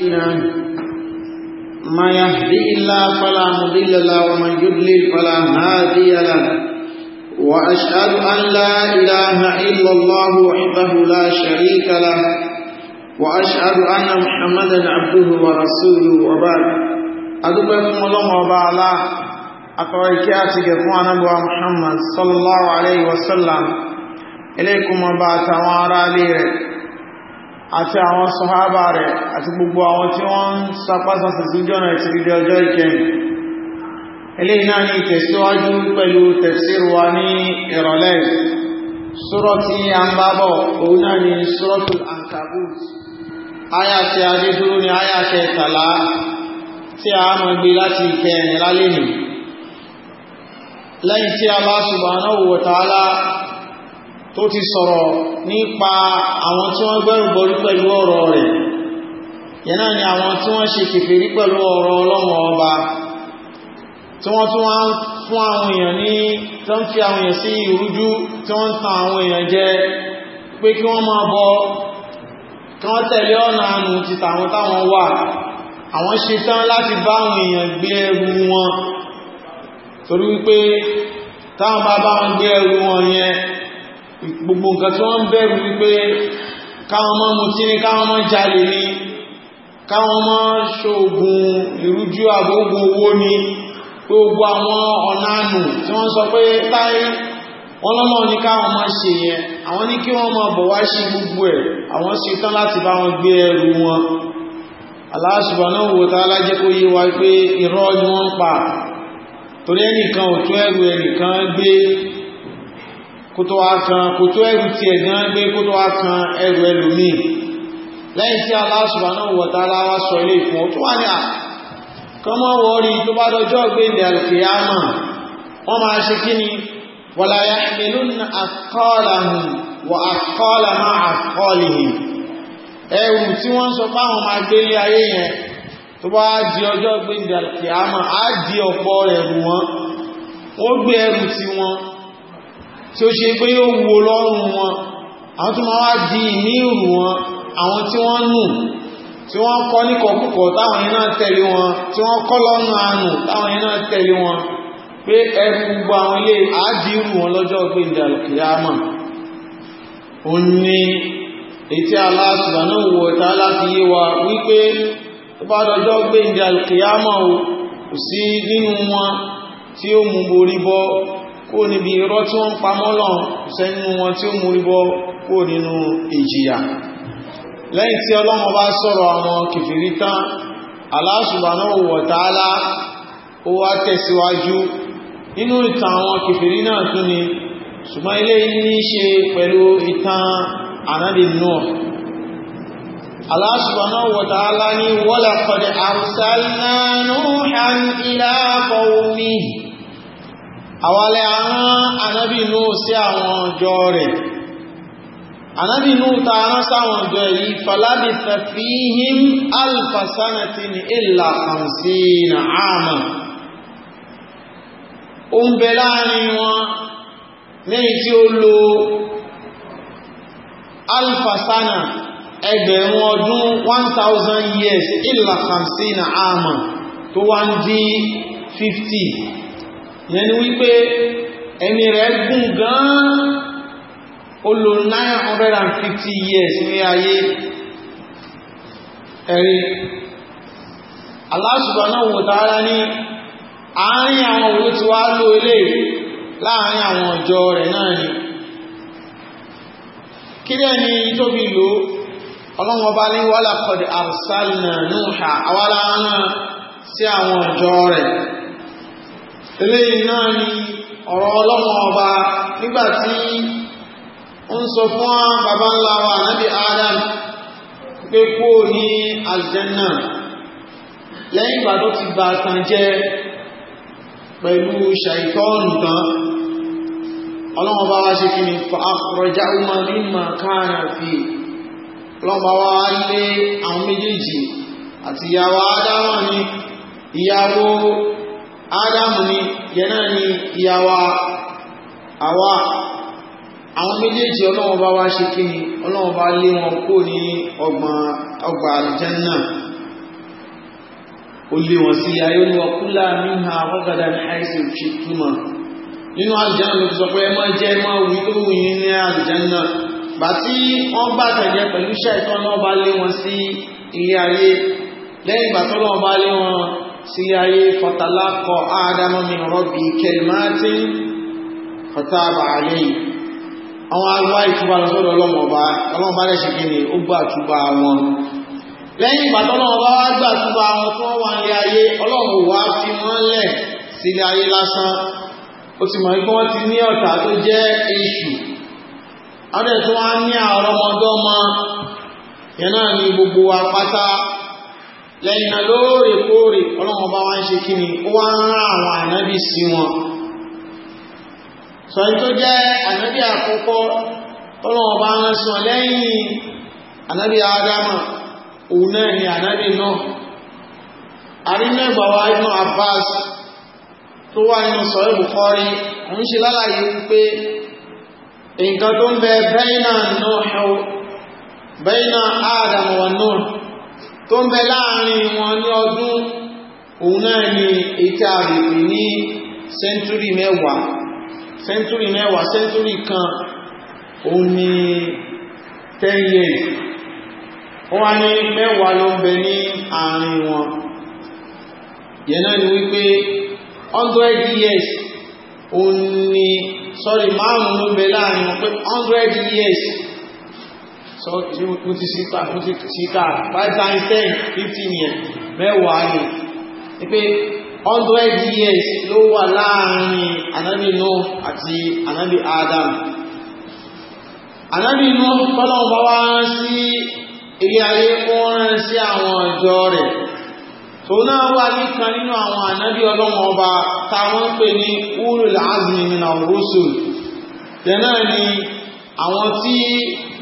بنا ما يهدي الله فلا مضل له ومن يضلل فلا هادي له وأشهد أن لا إله إلا الله وحده لا شريك له وأشهد أن محمدا عبده ورسوله وبعد أدبكم الله وبعلا أقرأكاتك فوان أبو محمد صلى الله عليه وسلم إليكم وبعث وعلى ليرك àti àwọn sọ̀hábà rẹ̀ àti gbogbo àwọn tí wọ́n ń sapásásà sí jọ́nà ìtìrídẹ ọjọ́ ìkẹyìn eléyìí náà ni ìtẹ̀síwájú pẹ̀lú tafsir wa ní ìrọ̀lẹ́ sọ́rọ̀ tí a ń bábọ̀ òun náà ni suratul Ankabut aya tó ti sọ̀rọ̀ nípa àwọn tí wọ́n gbẹ́rù borí pẹ̀lú ọ̀rọ̀ rẹ̀ yẹ̀nà ni àwọn tí wọ́n ṣe kèfèrí pẹ̀lú ọ̀rọ̀ ọlọ́run ọba tí wọ́n tún wá ń fún àwọn èèyàn ní tó ń fi àwọn èèyàn sí ìrújú tí wọ́n ń tan àwọn èèyàn jẹ pé kí wọ́n máa bọ kí wọ́n tẹ̀lé ọ̀nà àánú ti tàwọn táwọn wà àwọn ṣe tán láti bá àwọn èèyàn gbé ẹrù wọn torí wípé táwọn bá bá wọn gbé ẹrù wọn yẹn gbogbo nǹkan tí wọ́n bẹ̀rù wípé káwọn mọ́ mutí ní káwọn mọ́ jalè ní káwọn mọ́ ṣoògùn ìrújú àgbógun owó ní gbogbo àwọn ọ̀nà ànù tí wọ́n sọ pé táyé wọ́n lọ́mọ́ ní káwọn mọ́ ṣe yẹn àwọn ní kí wọ́n mọ́ bọ̀ wá sí gbogbo ẹ̀ àwọn sì tán láti bá wọn gbé ẹrù wọn Allah subhanahu wa ta'ala jẹ́ kó yé wa pé irọ́ ni wọ́n pa torí ẹnìkan ò ẹrù ẹnìkan gbé kó tó wá kan kó tó ẹrù ti ẹ̀ gan gbé kó tó wá kan ẹrù ẹlòmíì lẹ́yìn tí Allah subhanahu wa ta'ala wá sọ ilé ìfún tó wá ní à kán mọ́ wọ́rí tó bá dọjọ́ gbé ilẹ̀ alkiyama wọ́n máa ṣe kí ni wala yahmilunna athqalahum wa athqala ma athqalihim ẹrù tí wọ́n sọ páwọn máa gbé ilé ayé yẹn tó bá di ọjọ́ gbé ilẹ̀ alkiyama á di ọ̀pọ̀ ẹrù wọn ó gbé ẹrù tí wọn tí ó ṣe pé yóò wo lọ́rùn wọn àwọn tó máa wá di ní ìrù wọn àwọn tí wọ́n nù tí wọ́n kọ́ ní kọkúkọ táwọn yẹn náà tẹ̀lé wọn tí wọ́n kọ́ lọ́nà àánú táwọn yẹn náà tẹ̀lé wọn pé ẹrù gbogbo àwọn ilé àádìí ìrù wọn lọ́jọ́ pé ìdàlùkìyàmà ó ní ètí aláàtùbánà wò ta láti yé wa wípé tó bá dọjọ́ gbé ìdàlùkìyàmà ò sí nínú wọn tí ó mú borí bọ́ kó níbi irọ́ tí wọ́n pamọ́ lọ́n sẹ́nu wọn tí ó múribọ́ kó nínú ìjìyà lẹ́yìn tí ọlọ́run bá sọ̀rọ̀ àwọn kìfìrí tán Allah subhanahu wa ta'ala ó wá tẹ̀síwájú nínú ìtàn àwọn kìfìrí náà tún ni àwọlẹ̀ àrán anábì inú sí àwọn ọjọ́ rẹ̀ anábì inú ta rán sáwọn ọjọ́ yìí falábi tafihim alfasanati ni illa khamsina àmà o ń bẹ láàrin wọn lẹ́yìn tí ó lo alfasana ẹgbẹ̀rún ọdún 1000 years illa khamsina àmà tó wá ń di 50 yẹn ni wípé ẹni rẹ̀ gùn gan ó lò 950 years ní ayé ẹ̀rí Allah subhanahu wa ta'ala ní àárín àwọn òun ti wá lò ilé láàárín àwọn ọjọ́ rẹ̀ náà ni kí lẹ́ni tóbi lò ọlọ́run ní wọ́lá kọ̀dì àrùsálì náà núhà awáláwọ́ náà sí àwọn ọjọ́ rẹ̀ eléyìí náà ni ọ̀rọ̀ ọlọ́wọ́ ọba nígbàtí ó ń sọ fún bàbá ńlá wa nábi Adam pé kó ní aljanna lẹ́yìn ìgbà tó ti bá tàn jẹ́ pẹ̀lú ṣàìtọ́ọ̀nù tán ọlọ́wọ́ bá wá ṣe kí ni fàákọrọjá ọmọ mímọ̀ káàrà fi ọlọ́wọ́ wá lé àwọn méjèèjì àti ìyàwó Adam ni ìyàwó ádámù ni yẹ̀nà ni ìyàwó àwa àwọn méjèèjì ọlọ́wọ́n bá wá ṣe kí ni ọlọ́wọ́n bá lé wọn kó ní ọgbà àlùjánnà ó lé wọn sí ayé ní ọkúlá mímá rọ́gàdà ní àìsàn ṣe túmọ̀ nínú àlùjánnà ló sọ pé ẹ máa jẹ ẹ máa wù tó wù yín ní àlùjánnà bàtí wọ́n bá tẹ̀jẹ́ pẹ̀lú iṣẹ́ náà bá lé wọn sí ilé ayé lẹ́yìn ìgbà tó lọ́wọ́ bá lé wọn sílé ayé fatalaqqa ádámọ́ min rabbi kalimatin fataba alayhi àwọn agbá ìtúbà lọ́sọ́dọ̀ ọlọ́mọba ọlọ́mọba rẹ̀ ṣe gini ó gbà ní ayé ọlọ́mọ wá fi ayé lẹ́yìn alóòrèkóòrè ọlọ́run ọba wá ń ṣe kí ni ó wá ń rán àwọn ànábì sí wọn sọ tó jẹ́ ànábì àkọ́kọ́ ọlọ́run ọba rán sí wọn lẹ́yìn ànábì adama òun náà ni ànábì náà àrínàgbàwá inú abbas tó wà nínú sọ̀rọ̀ Bukhari òun ṣe lálàyé wípé nǹkan tó ń bẹ bẹ́ẹ̀nà náà bẹ́ẹ̀nà adam wa náà tó ń bẹ láàrin wọn ní ọdún òun náà ni ètí àrègbè ní sẹ́ńtúrì mẹ́wàá sẹ́ńtúrì mẹ́wàá sẹ́ńtúrì kan òun ni 10 years wọ́n wá ní mẹ́wàá ló ń bẹ ní àárín wọn yẹn náà ni wípé 100 years òun ni sorry márùn-ún ló ń bẹ láàrin wọn pé 100 years so you put it síta put five times ten fifteen yẹn mẹ́wàá ni ni hundred years ló wà láàrin anabi Nuh àti anabi Adam anabi Nuh tọ́lọ́wọ́ bá wá rán sí ilé ayé wọ́n rán sí àwọn ọjọ́ rẹ̀ tòun náà wà nìkan nínú àwọn ànábì ọlọ́wọ́n ọba táwọn ń pè ní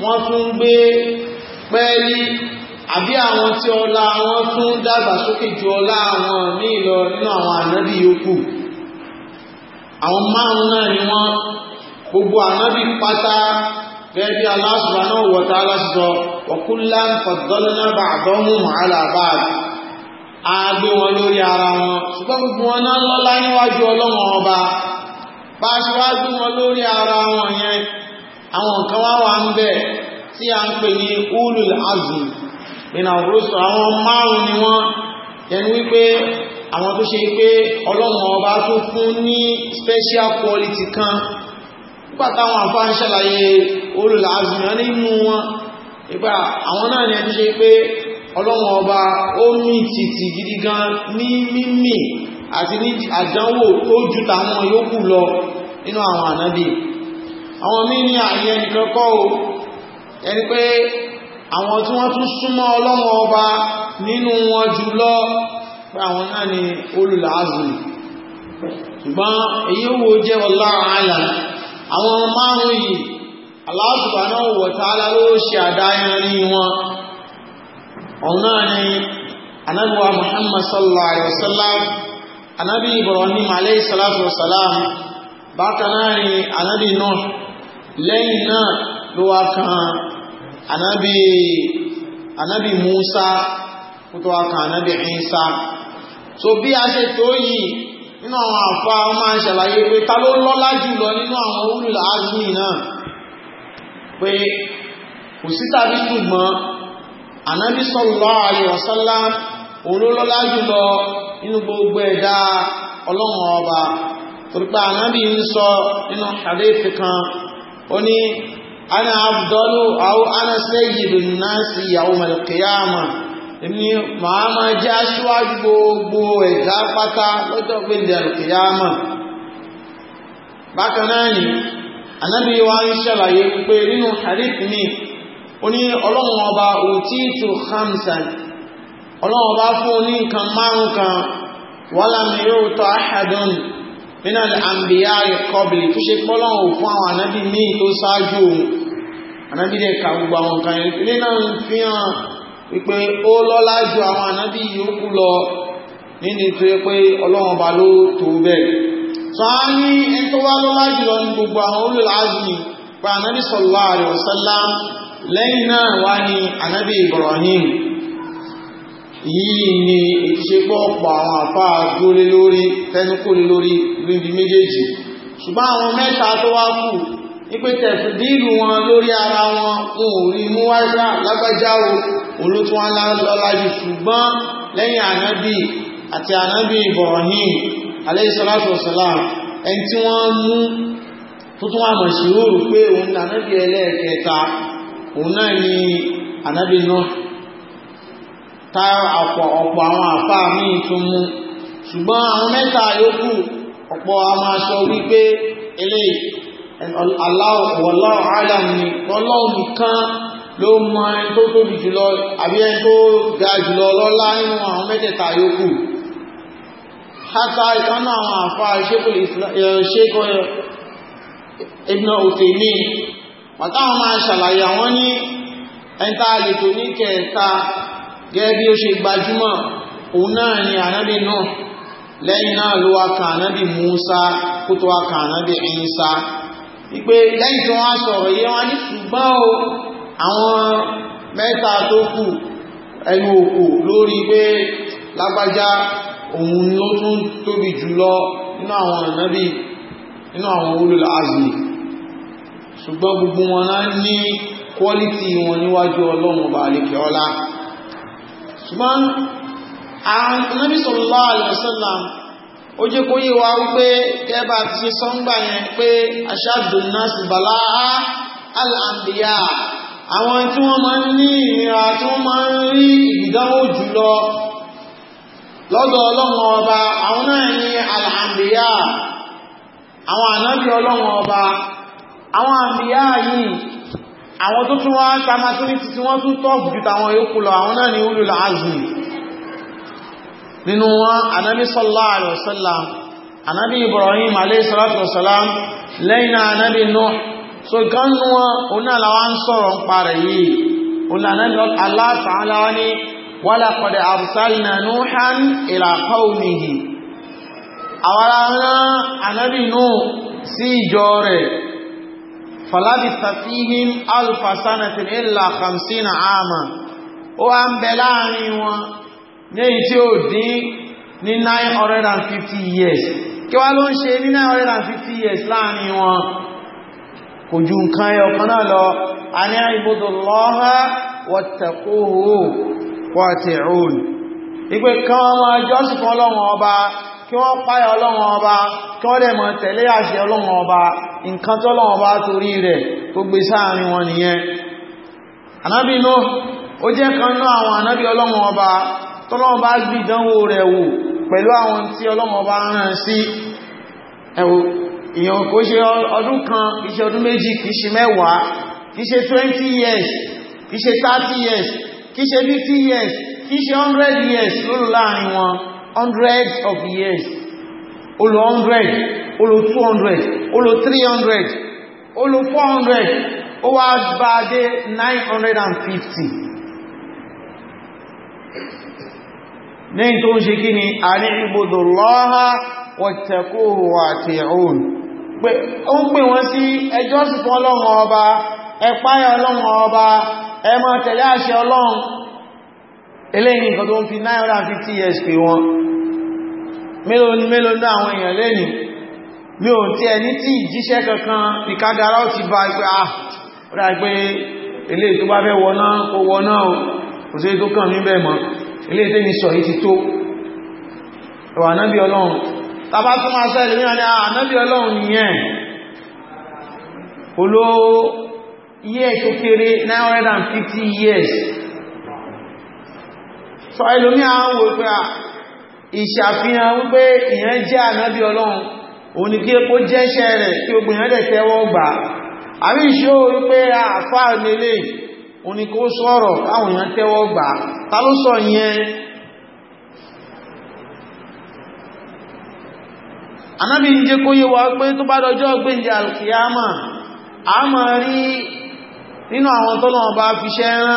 wọ́n tún gbé pẹ́ẹ́lí àbí àwọn tí ọlá wọn tún dàgbà sókè ju ọlá àwọn míì lọ nínú àwọn ànábì yòókù àwọn márùn náà ni wọ́n gbogbo ànábì pátá gẹ́gẹ́ bí Allah subhanahu wa ta'ala sọ wa kullan faddalna ba'dahum 'ala ba'd àgbé wọn lórí ara wọn ṣùgbọ́n gbogbo wọn náà lọ́lá níwájú ọlọ́wọ́n ọba bá ṣe wá gbé wọn lórí ara wọn yẹn àwọn nǹkan wá wà ń bẹ̀ tí a ń pè ní ulul azmi nínú àwòrúsọ àwọn márùn ni wọ́n yẹnu wípé àwọn tó ṣe pé ọlọ́run ọba tó fún ní special quality kan nígbàtàwọn àfá ń ṣàlàyé ulul azmi wọn nínú wọn nígbà àwọn náà ni a ti ṣe pé ọlọ́run ọba ó mì tìtì gidi gan ní mímì àti ní àdánwò tó ju tàwọn yòókù lọ nínú àwọn ànábì àwọn mini ní àyè ẹnìkan kọ́ o ẹni pé àwọn tí wọ́n tún súnmọ́ ọlọ́wọ́ ọba nínú wọn jùlọ pé àwọn náà ni olùlàázùlù ṣùgbọ́n èyí wo jẹ́ wallahu a'lam àwọn márùn yìí Allah subhanahu wa ta'ala ló ṣe àdáyẹrí wọn ọ̀hún náà ni anábíwa Muhammad sallallahu alaihi wasallam anábí Ibrahim alayhi salatu wasalam bákan náà ni lẹ́yìn náà ló kan anabi anabi Musa kó tó wá kan so bí a ṣe tó yìí nínú àwọn àfa máa ń ṣàlàyé pé ta ló lọ́lá jùlọ nínú àwọn olùlà azmi náà pé kò sí tàbí ṣùgbọ́n olólọ́lá jùlọ nínú gbogbo ẹ̀dá ọlọ́run ọba kan ó ana abdọ́lù àwọn ana sẹ́yìdù náà sí yawm al-qiyama ní màá máa gbogbo ẹ̀dá pátá lọ́jọ́ gbẹ̀dẹ̀ al bákan náà ni anábì wa ń ṣàlàyé pé nínú hadith ni ó ọlọ́run ọba òtítù hamsan ọlọ́run ọba fún ní nǹkan márùn kan wọ́n yóò nínú àmbíyá ìkọbìlì tó ṣe pọ́lọ́wọ̀ fún àwọn ànábì ní tó sáájú òun ànábì dẹ̀ ka gbogbo àwọn nǹkan yẹn nínú fi hàn wípé ó lọ́lá ju àwọn ànábì yòókù lọ nínú tó yẹ pé ọlọ́run ọba ló tó bẹ́ẹ̀ tó a ní ẹni tó wá lọ́lá jùlọ ní gbogbo àwọn olùlàájì pa ànábì sallallahu alaihi wasallam lẹ́yìn náà wá ní ànábì Ibrahim yìí ni ìṣepọ̀ ọ̀pọ̀ àwọn àfá gbólé lórí tẹnukúlé lórí níbi méjèèjì ṣùgbọ́n àwọn mẹ́ta tó wá kù wípé tẹ̀sí bíìlù wọn lórí ara wọn wọn ò rí mú wáṣá lágbájá o olótú wọn lọ́la jù ṣùgbọ́n lẹ́yìn ànábì àti ànábì Ibrahim alayhi salatu wassalam ẹni tí wọ́n mú tó tún wà mọ̀ sí pé òun ànábì ẹlẹ́ẹ̀kẹta òun náà ni ànábì náà ta ọ̀pọ̀ ọ̀pọ̀ àwọn àfá míì tún mú ṣùgbọ́n àwọn mẹ́ta yòókù ọ̀pọ̀ a máa sọ wípé ilé aláwọ̀lọ́ aláàmì ọlọ́run nìkan ló mọ ẹni tó tóbi jùlọ àbí ẹni tó ga jùlọ lọ́lá nínú àwọn mẹ́tẹ̀ẹ̀ta yòókù hátà ìkánná àwọn àfá ṣékò eh, eh, Ibn Uthaymeen pàtàwọn máa ṣàlàyé àwọn ní ẹni tá a lè ní kẹta gẹ́gẹ́ bí ó ṣe gbajúmọ̀ òun náà ni ànábì náà lẹ́yìn náà ló wá kan ànábì Musa kó tó wá kan ànábì Isa wípé lẹ́yìn tí wọ́n sọ̀rọ̀ yé wọ́n ní ṣùgbọ́n o àwọn mẹ́ta tó kù ẹnu òkú lórí pé lágbájá òun ló tún tóbi jùlọ nínú àwọn ànábì nínú àwọn ulul ṣùgbọ́n gbogbo wọn náà ní quality wọn níwájú ọlọ́run ọba àlekẹ́ ọlá ṣùgbọ́n Ànábì sallallahu alaihi wasallam ó jẹ́ kó yé wa wípé kẹ́bà ti ṣe sọ́ngbà yẹn pé ashaddu nasi balaa al-anbiya àwọn tí wọ́n máa ń ní ìnira tí wọ́n máa ń rí ìdánwò jùlọ lọ́dọ̀ ọlọ́run ọba àwọn náà ní al àwọn ànábì ọlọ́run ọba àwọn ànbíyá yìí àwọn tó tún wọ́n tàmà tó ní títí wọ́n tún tọ́ jù tàwọn yòókù lọ àwọn náà ni ulul azmi nínú wọn anábí sallallahu alaihi wasallam anábí Ibrahim alayhi salatu wasalam lẹ́yìn anábí Nuh so falabitha fihim alfa sanatin illa khamsina ama ó wá ń bẹ láàrin wọn ní èyí 950 years kí wá ló ń ṣe 950 years láàrin wọn kò ju nǹkan ẹ ọ̀kan náà lọ a ní ibudullaha wattaquhu wati'un ìpé kan ọmọ ọjọ́sùn kan lọ́wọ́ ọba kí wọ́n páyà ọlọ́run ọba kí wọ́n dẹ̀ mọ̀ tẹ̀lé àṣẹ ọlọ́run ọba nǹkan tó ọlọ́run ọba torí rẹ̀ tó gbé sáàrin wọn nìyẹn ànábì inú ó jẹ́ kan náà àwọn ànábì ọlọ́run ọba tọ́lọ́run bá gbì ìdánwò ṣe years kì í 30 years kì í ṣe 50 years kì í ṣe 100 years lóòrùn láàrin wọn hundreds of years ó lò 100 ó lò 200 ó lò 300 ó lò 400 ó wá bá dé 950 lẹ́yìn tó ń ṣe kí ni a ní ibùdó lọ́ha wọ̀tẹ̀kóhù àti òun ó ń pè wọ́n sí ẹjọ́ sì fún ọlọ́run ọba ẹ̀páyà ọlọ́run ọba ẹmọ tẹ̀lé àṣẹ ọlọ́run eléyìn nǹkan tó ń fi 950 years pè wọ́n mélòó ni mélòó ní àwọn èèyàn lẹ́ni mi ò tí ẹni tí ìjíṣẹ́ kankan ìkágara ó ti bá ipé à rà pé ilé tó bá fẹ́ wọná kó wọná o kò sí tó kàn ní bẹ́ẹ̀ mọ́ ilé tó ní sọ yìí ti tó ẹwà náàbí ọlọ́run tàbá tó máa sọ ìlúmí ọ̀nà ah, ànábí ọlọ́run nìyẹn oló years tó kéré 950 years sọ ìlúmí àwọn wò ah, ìṣàfihàn wípé ìyẹn jẹ́ ànábí ọlọ́run òun kí jẹ́ iṣẹ́ rẹ̀ tí ó gbìyàn dẹ̀ tẹ́wọ́ gbà àbí ìṣó wípé àfá lélẹ̀ òun kó sọ̀rọ̀ àwọn tẹ́wọ́ gbà ta ló sọ yẹn ànábí ń jẹ́ kó a máa rí nínú fi rán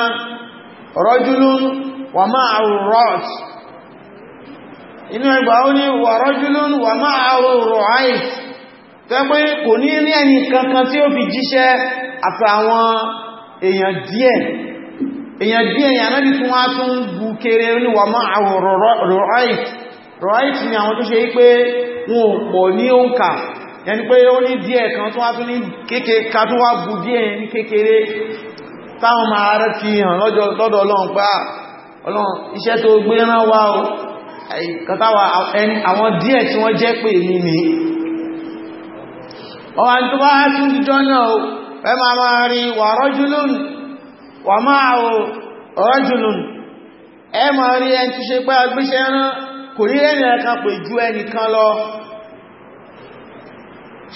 wà máa rọ́ọ̀tì inú ẹgbà ó ní wà rọ́júlún wà máa àrùrọ̀ àìs pẹ́pẹ́ kò ní rí ẹni kankan tí ó fi jíṣẹ́ àti àwọn èèyàn díẹ̀ èèyàn díẹ̀ yà náà tún wá tún bú kéré ní wà máa àrùrọ̀ àìs ni kan fi ọlọ́run iṣẹ́ tó gbé rán kọtàwà àwọn díẹ̀ tí wọ́n jẹ́ pé èmi ni ọwà tó bá tún jọ náà ẹ ma ma rí wà rọ́júlùn wà máa rọ́júlùn ẹ ma rí ẹn tí ṣe pẹ́ agbíṣẹ́ rán kò rí ẹni ẹ̀kan pè ju ẹnìkan lọ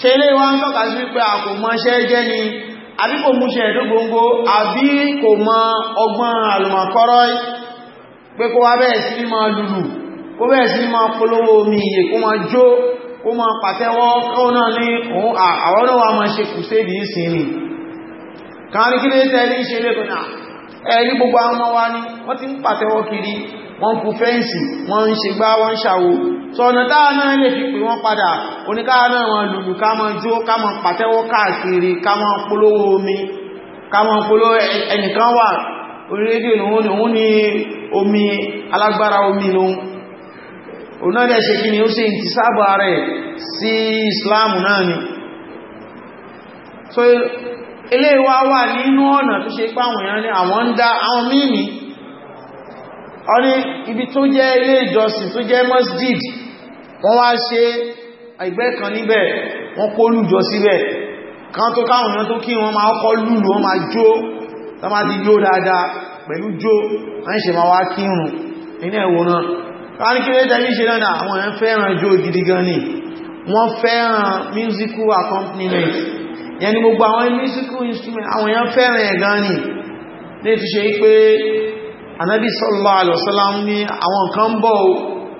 ṣe ilé wa ń tọ́ka sí pé àkò mọ́ṣẹ́ jẹ́ ni àbí kò múṣẹ́ ẹ̀dógbòǹgbò àbí kò mọ ọgbọ́n àlùmọ̀kọ́rọ́ pé kó wá bẹ́ẹ̀ sí máa lùlù kó bẹ́ẹ̀ sí máa polówó omi iye kó máa jó kó máa pàtẹ́wọ́ kọ́ náà ní òun àwọn náà wà máa ṣe kùsèdì ìsìn ni káàrí kí lè tẹ́lẹ̀ ṣe lẹ́kùn náà ẹ̀rí gbogbo àwọn ọmọ wa ní wọ́n ti ń pàtẹ́wọ́ kiri wọ́n kú fẹ́ǹsì wọ́n ń ṣe gbá wọ́n ṣàwó sọ̀nà táà náà lè fi pè wọ́n padà oníkáà náà wọn lùlù ká máa jó ká máa pàtẹ́wọ́ káàkiri ká máa polówó omi ká máa polówó ẹnìkan wà orí rédíò òun ni omi alágbára omi onáàdẹ̀ ṣe kí ni ó ṣe ń ti sáàbà rẹ̀ sí islamu náà ni so eléwà wà nínú ọ̀nà tó ṣe páwọn èèyàn ní àwọn ń dá àwọn mímí ibi tó jẹ́ ilé ìjọsìn tó jẹ́ masjid wọ́n wá ṣe ẹgbẹ́ kan níbẹ̀ wọ́n kó lùjọ síbẹ̀ kan tó káwọn tó kí wọ́n máa kọ́ lùlù wọ́n máa jó tó máa ti jó dáadáa pẹ̀lú jó wọ́n ṣe máa wá kírun wọ́n fẹ́ràn musical accompaniment yẹni gbogbo àwọn musical instrument àwọn èèyàn fẹ́ràn ẹ̀ gan ni ní ti ṣe pé Ànábì sallallahu alaihi wasallam ní àwọn kan bọ̀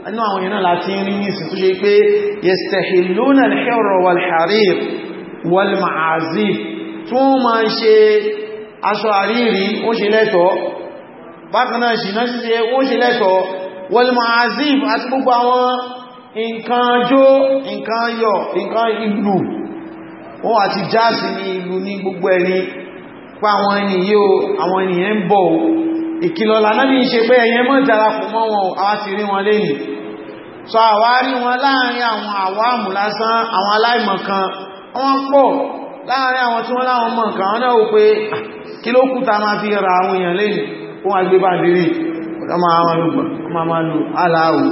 inú àwọn èèyàn láti rí ní ìsìn tó ṣe pé yastahilluna al-hirra wal-harir wal-ma'azif tí wọ́n wọlmọ̀ azif àti gbogbo àwọn nǹkan jó nǹkan yọ nǹkan ìlú wọ́n àti jáàsì ní ìlú ní gbogbo ẹni pa àwọn ènìyàn àwọn ènìyàn ń bọ̀ ìkìlọ̀lá náà ní ṣe pé ẹ̀yẹn mọ́ darapọ̀ mọ́ wọn a ti rí wọn lẹ́yìn so àwa rí wọn láàrin àwọn àwámù lásán àwọn aláìmọ̀kan wọ́n pọ̀ láàrin àwọn tí wọ́n láwọn mọ̀kan wọ́n náà wò pé ah, kí ló kúta máa fi ra àwọn èèyàn lẹ́yìn fún agbébàdìrí ọmọ aláwò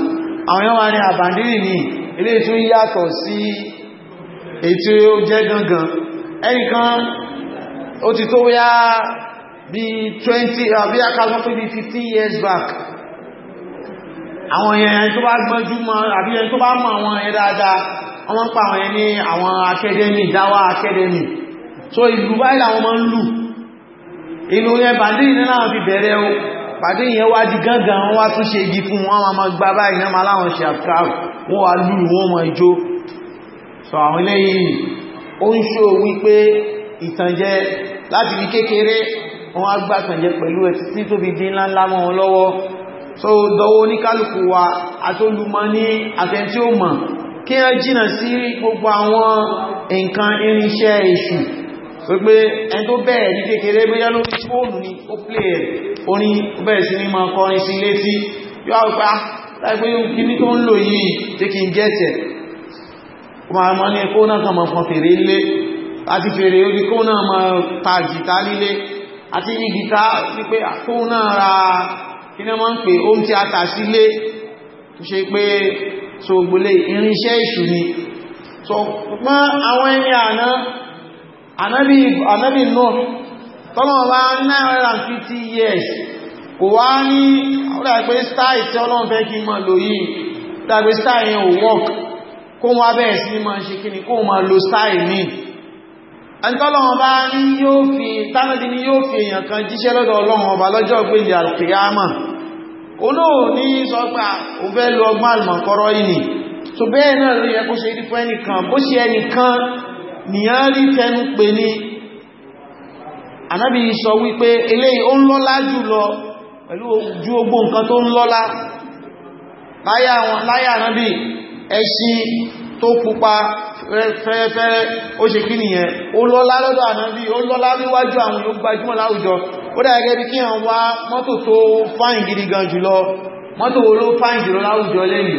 àwọn yọ́n wá ní àbàndírì ní ilé tó yàtọ̀ sí ètò ó jẹ́ gangan ẹnìkan ó ti tó wáyá bí 20 àbí akásọ́ pé bí 15 years back àwọn èèyàn tó bá gbọ́njú mọ́ àbí ẹni tó bá mọ̀ àwọn ẹ̀ dáadáa wọ́n máa ń pa àwọn ẹni àwọn akẹ́dẹ́mì dáwà akẹ́dẹ́mì so ìlú báyìí làwọn máa ń lù ìlú yẹn bàndírì náà fi bẹ̀rẹ̀ o pàdé yẹn wá di gángan wọ́n wá tún ṣe igi fún wọn wọ́n máa gba báyìí náà máa láwọn ṣe àkàrù wọ́n wá lù wọ́n mọ̀ ìjó sọ àwọn eléyìí ó ń ṣó wípé ìtànjẹ láti fi kékeré wọ́n á gbà tànjẹ pẹ̀lú ẹ̀tí tí tóbi dín ńláńlá mọ́ wọn lọ́wọ́ so dọwọ́ wípé ẹni tó ní kékeré bóyá ló rí fóònù ni ó plé rẹ̀ oní bẹ̀rẹ̀ sí ní máa kọrin sí létí yóò àpá ah, láìpé kí ní tó ń lò yìí tí kí n gẹ́ẹ̀tẹ̀ ọmọ ní kó náà kàn mọ̀ fún fèrè ilé àti fèrè orí ah, ra kí náà mọ́ ń pè ó ń so gbólé irinṣẹ́ ìṣù ni so pọ́n àwọn ẹni àná ànábì ànábì Nuh tọ́lọ̀ bá 950 years kò wá ní ọ̀rẹ́gbẹ́ style tí ọlọ́run fẹ́ kí mọ́ lò yìí dàgbé style yẹn ò work kó wọ́n abẹ́ẹ̀ sí máa ṣe kí ni kó máa lo style ní ẹntọ́lọ́run bá ní yóò fi tánàdì ni yóò fi èèyàn kan jíṣẹ́ lọ́dọ̀ ọlọ́run nìyàn rí tẹnu pè ní ànábì sọ wípé eléyìí ó ń lọ́lá jùlọ pẹ̀lú ojú ogbó nǹkan tó ń lọ́lá láyé ànábì ẹṣin tó pupa fẹ́ẹ́fẹ́ẹ́ ó ṣe kí nìyẹn ó lọ́lá lọ́dọ̀ ànábì ó lọ́lá níwájú àwọn yóò gbajúmọ̀ láwùjọ ó dàgẹ́ bí kí àwọn wá mọ́tò tó fáìn gidi gan jùlọ mọ́tò wo ló fáìn jùlọ láwùjọ lẹ́yìn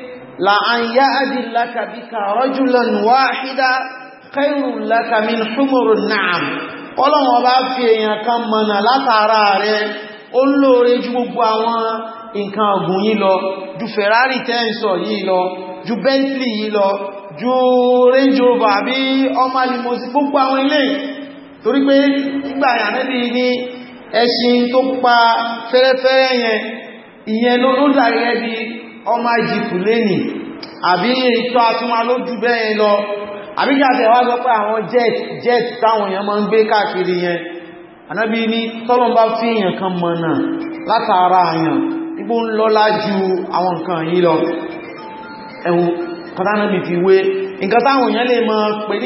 لأن يأدي لك بك رجلا واحدا خير لك من حمر النعم ọlọ́run ọba fi èèyàn kan mọ̀nà látara rẹ̀ ó lóore ju gbogbo àwọn nǹkan ọ̀gùn yìí lọ ju Ferrari tẹ́ǹsọ̀ yìí lọ ju Bentley yìí lọ ju Range Rover àbí ọmọ limousine gbogbo àwọn ilé torí pé nígbà ànẹ́bí ní ẹṣin tó pa fẹ́rẹ́fẹ́rẹ́ yẹn ìyẹn ló dàrí ẹbí ọmọ ìjìkù lẹ́nì àbí ìtọ́ àtúnwà ló jù bẹ́ẹ̀ lọ àbí jàtẹ̀ wá pé àwọn jet jet táwọn èèyàn ma ń gbé káàkiri yẹn anábí ní tọ́lọ́n èèyàn kan mọ̀ náà látara àyàn igbó ń àwọn nǹkan yìí fi wé nǹkan táwọn èèyàn lè ní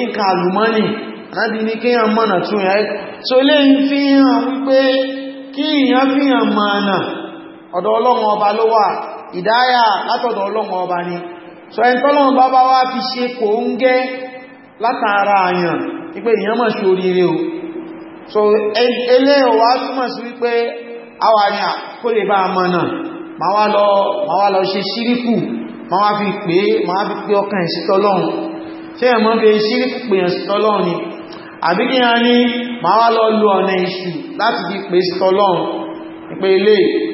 nǹkan àlùmọ́nì anábí ní kí èèyàn mọ̀nà tún yẹn so ń fi hàn wípé kí èèyàn fi hàn ọ̀dọ̀ ọlọ́run ọba ló ìdáyà látọ̀dọ̀ ọlọ́run ọba ni so ẹni tọ́lọ́run bá bá wá fi ṣe kò ń gẹ́ látara àyàn wípé èèyàn mọ̀ sí oríire o so elé ọwá túnmọ̀ sí wípé awàyà kó lè bá ọmọ náà ma wá lọ ma wá lọ ṣe síríkù ma wá fi pé ma wá fi pé ọkàn ẹ̀sí tọ́lọ́run tí ẹ̀mọ́ fi síríkù pè ẹ̀sí tọ́lọ́run ni àbí kí a ma wá lọ lo ọ̀nà ìṣù láti fi pè sí tọ́lọ́run pé eléyìí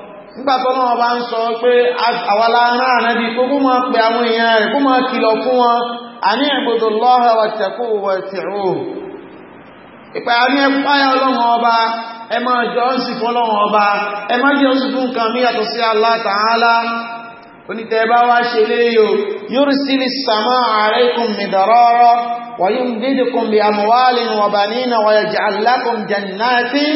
nígbàtọ́nà ọba ń sọ pé àwàlá rán ànábì kó kó máa pẹ àwọn èèyàn rẹ̀ kó máa kìlọ̀ fún wọn àní ẹ̀gbọ́dọ̀ lọ́hà wà tẹ̀kù wà tẹ̀rù ìpẹ́ àní ẹ̀páyà ọlọ́run ọba sí Allah Ta'ala onítẹ̀ẹ́bá wá ṣe léyò yursil as-sama 'alaykum midarara wa yumdidukum bi amwalin wa banina wa yaj'al lakum jannatin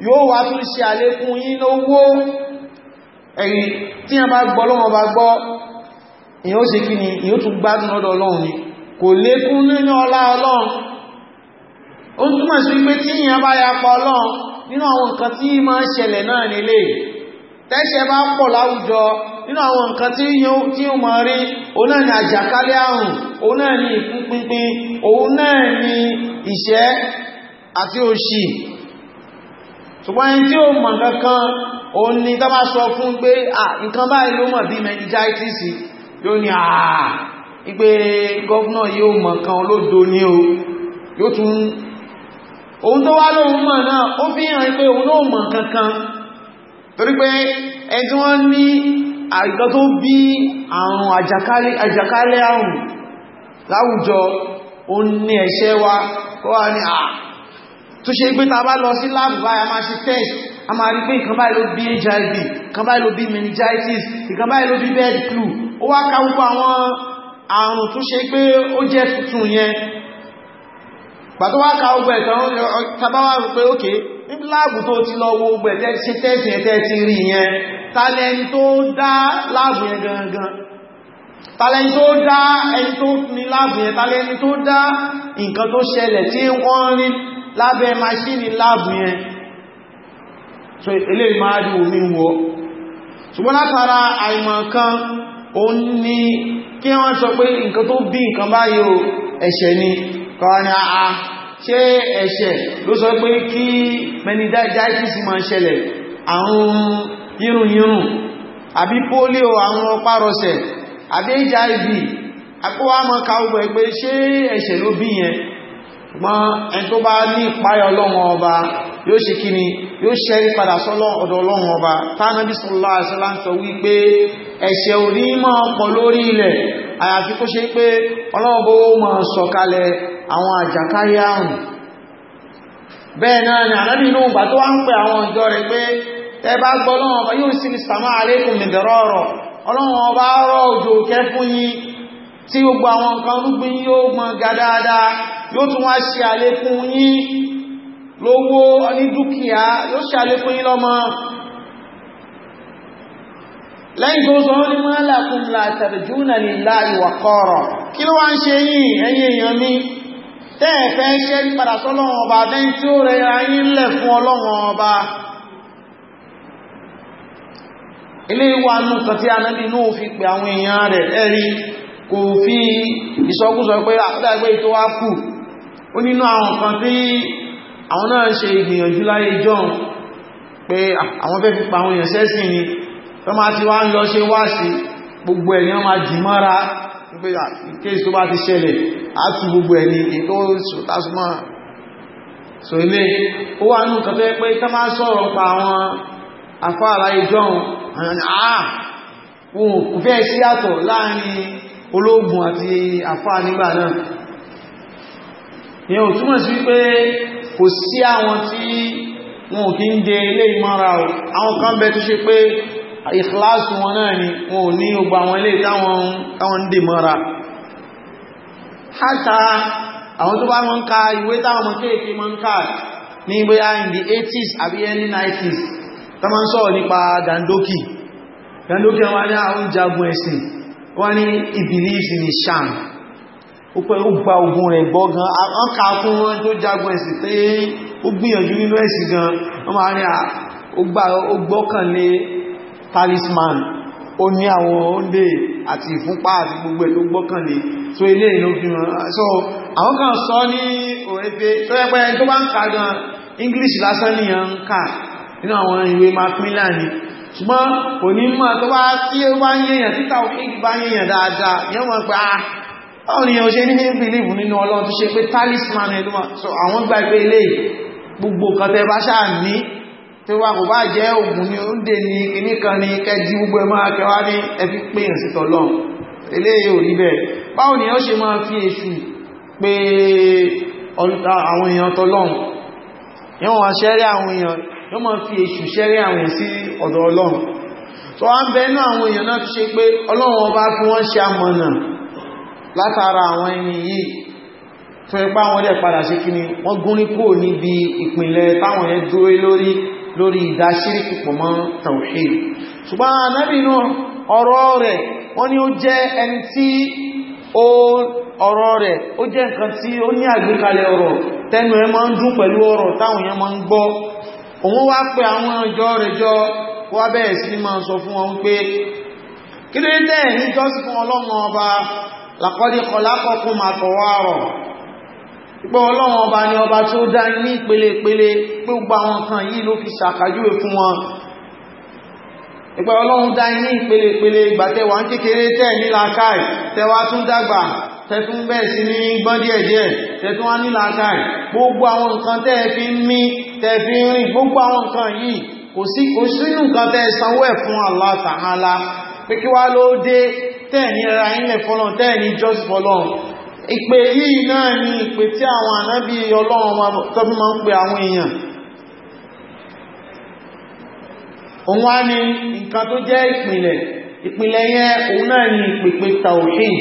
yóò wá tún ṣe àlékún yín lówó ẹ̀rí tí a bá gbọ́ lọ́wọ́ bá gbọ́ ìyẹn ó ṣe kí ni ìyẹn ó tún gbádùn lọ́dọ̀ ọlọ́run ni kò lékún nínú ọlá ọlọ́run ó túnmọ̀ sí pé tí ìyẹn bá yapa ọlọ́run nínú àwọn nǹkan tí máa ń ṣẹlẹ̀ náà nílé tẹ́ṣẹ̀ bá pọ̀ láwùjọ nínú àwọn nǹkan tí yíò mọ̀ rí òun náà ni àjàkálẹ̀ àrùn òun náà ni ìkúnpínpín òun náà ni ìṣẹ́ àti òṣì ṣùgbọ́n ẹni tí ó mọ̀ kankan o ní tọ́ bá sọ fún pé à nǹkan báyìí ló mọ̀ bí meningitis yóò ní àà ipé gọ́ọ̀nà yóò mọ̀ kan olódo ní o yóò tún ohun tó wá lóhun mọ̀ náà ó fi hàn pé òun náà mọ̀ kankan torí pé ẹni wọ́n ní àìkan tó bí àrùn àjàkálẹ̀ àrùn láwùjọ ó ní ẹ̀ṣẹ̀ wa kọ́ wá ní àà tó ṣe pé ta bá lọ sí láàbù báyìí máa ṣe test a máa rí pé nǹkan báyìí ló bí HIV nǹkan báyìí ló bí meningitis nǹkan báyìí ló bí bird flu ó wá ká gbogbo àwọn àrùn tó ṣe pé ó jẹ́ tuntun yẹn pàtó wá ká gbogbo ẹ̀tàn tàbáwà rú pé ókè ní láàbù tó ti lọ wo gbogbo ẹ̀tẹ́ ṣe tẹ́sì ẹ̀tẹ́ ti rí yẹn tàlẹ́ni rí lábẹ́ maṣíìnì láàbù yẹn so ilé máa rí omi wọ ṣùgbọ́n látara àìmọ̀ kan o ní kí wọ́n sọ pé nǹkan tó bí nǹkan báyìí o ẹ̀ṣẹ̀ ni kọ́ni àá ṣe ẹ̀ṣẹ̀ ló sọ pé kí meningitis máa ṣẹlẹ̀ àrùn yírùnyírùn àbí polio àrùn ọpárọsẹ̀ àbí hiv àpọ́wàmọ́ káwọ́ ẹgbẹ́ ṣe ẹ̀ṣẹ̀ ló bí yẹn ṣùgbọ́n ẹni tó bá ní ìpáyà ọlọ́run ọba yóò ṣe kí ni yóò ṣẹ́rí padà sọ́lọ́ ọ̀dọ̀ ọlọ́run ọba tánàbí sallallahu alaihi wasallam sọ wípé ẹ̀ṣẹ̀ orí máa pọ̀ lórí ilẹ̀ àyàfi kó ṣe pé ọlọ́ọ̀bọ̀ ó máa sọ̀kalẹ̀ àwọn àjàkárí àrùn bẹ́ẹ̀ náà ni ànábì inú ìgbà tó wá ń pè àwọn ìjọ rẹ̀ pé ẹ bá gbọ́ ọlọ́run ọba yóò sí ní sàmà àlékún mìdẹ̀rọ̀ ọ̀rọ̀ ọlọ́run ọba rọ̀ òjò kẹ́ fún yín gbogbo àwọn nǹkan rúgbìn yóò mọ ga dáadáa yóò tún wá ṣe àlékún yín lówó ní dúkìá yóò ṣe àlékún yín lọ́mọ lẹ́yìn tó sọ ní mọ́ lákún látàbìjúnà ní láìwà kọ́rọ̀ kí ló wá ń ṣe yìí ẹ̀yin èèyàn mi tẹ́ẹ̀fẹ́ ṣe padà sọ́lọ́wọ́n kò fi ìsọkúsọ pé ah, àpẹẹgbẹ́ ètò wá kù ó nínú àwọn nǹkan tí àwọn náà ṣe ìgbìyànjú láyé john pé àwọn fẹ́ fi pa àwọn èèyàn sẹ́sìn ni tó máa ti wá ń lọ ṣe wá sí gbogbo ẹ̀ ni wọ́n máa jì mọ́ra pé kéèsì tó bá ti ṣẹlẹ̀ á ti gbogbo ẹ̀ ni ètò ìṣòtásùmọ́ so ilé ó wà ní nǹkan tó yẹ pé tó máa sọ̀rọ̀ pa àwọn afáà láyé john àwọn kò fẹ́ sí yàtọ̀ láàrin ológun àti afáà nígbà náà ni ò túnmọ̀ sí pé kò sí àwọn tí wọn ò kí ń de ilé ìmọ́ra o àwọn kan bẹ tó ṣe pé ìkìláàsù wọn náà ni wọn ò ní ogbà àwọn ilé táwọn ń dè mọ́ra hátà àwọn tó bá mọ́ ń ka ìwé táwọn mọ́ kéèké mọ́ ń ká ní bóyá in the 80s àbí early 90s tó máa ń sọ̀rọ̀ nípa dandoki dandoki wọn ní àwọn jagun ẹ̀sìn wọn ní ìbìlì ìfìnì sham ó pẹ́ ó gba ogun rẹ̀ gbọ́ gan an ká fún wọn tó jagun ẹ̀sìn pé ó gbìyànjú nínú ẹ̀sìn gan wọ́n máa ní ọgbọ́kànlé talisman ó ní àwọn oúnjẹ àti ìfúnpá àti gbogbo ẹ̀ tó gbọ́kànlé tó ilé ìlú fi hàn so àwọn kan sọ ní òrepe tó yẹ pé tó English lásán nìyàn ń kà nínú àwọn ìwé Macmillan ni ṣùgbọ́n onímọ̀ tó bá tí ó bá ń yẹ̀yàn títà òkè bá yẹ̀yàn báwọn èèyàn ṣe ní bìlìbù nínú ọlọ́run tó ṣe pé talisman ẹlúmọ̀ so àwọn gbà pé ilé gbogbo kan tẹ bá ṣáà ní tí wà kò bá jẹ́ ògùn ní oúnjẹ ní kìíní kan ní kẹjí gbogbo ẹmọ́ akẹwà ní ẹbí pèèyàn sí tọ́lọ́run ilé yóò rí bẹ́ẹ̀ báwọn èèyàn ṣe máa fi èṣù pé àwọn èèyàn tọ́lọ́run yóò wọ́n ṣẹ́rẹ́ àwọn èèyàn yóò máa fi èṣù ṣẹ́rẹ́ àwọn èèyàn sí ọ̀dọ̀ ọlọ́run tó látara àwọn ẹni yìí tó ipá wọn dẹ̀ padà sí kíni wọ́n gúnrí kò níbi ìpìnlẹ̀ táwọn yẹn dúró lórí lórí ìdáṣíríkì pọ̀ mọ́ tawhid ṣùgbọ́n anábì náà ọ̀rọ̀ rẹ̀ wọ́n ní ó jẹ́ ẹni tí ó ọ̀rọ̀ rẹ̀ ó jẹ́ nǹkan tí ó ní àgbékalẹ̀ ọ̀rọ̀ tẹnu ẹ máa ń dún pẹ̀lú ọ̀rọ̀ táwọn yẹn máa ń gbọ́ òun wá pé àwọn ọjọ́ rẹ̀ jọ wá bẹ́ẹ̀ sí máa sọ fún wọn pé kí ló dé ní jọ́sí fún ọlọ́run ọba làkọ́dí kọlákọ̀kún máa tọ̀wárọ̀ pé ọlọ́run ọba ni ọba tó dá ní ìpelepele pé gbogbo àwọn kan yìí ló fi ṣàkàjúwe fún wọn ìpẹ́ ọlọ́run dá ní ìpelepele ìgbàtẹ̀wà ń kékeré tẹ́ ní làákàì tẹwà tún dàgbà tẹ́tún bẹ́ẹ̀ sí ní gbọ́n díẹ̀díẹ̀ tẹ́tún wá ní làákàì gbogbo àwọn nǹkan tẹ́ fi ń mí tẹ́ fi ń rìn gbogbo àwọn nǹkan yìí kò sí nǹkan tẹ́ sanwó ẹ̀ fún Allah Ta'ala pé kí wá ló dé tẹ́ẹ̀ni ra ilẹ̀ fọ́lọ́n tẹ́ẹ̀ni just fọ́lọ́n ìpè yìí náà ni ìpè tí àwọn ànábì ọlọ́run tọ́bí máa ń pè àwọn èèyàn òun wá ní nǹkan tó jẹ́ ìpìlẹ̀ ìpìlẹ̀ yẹn òun náà ni ìpèpè tawhid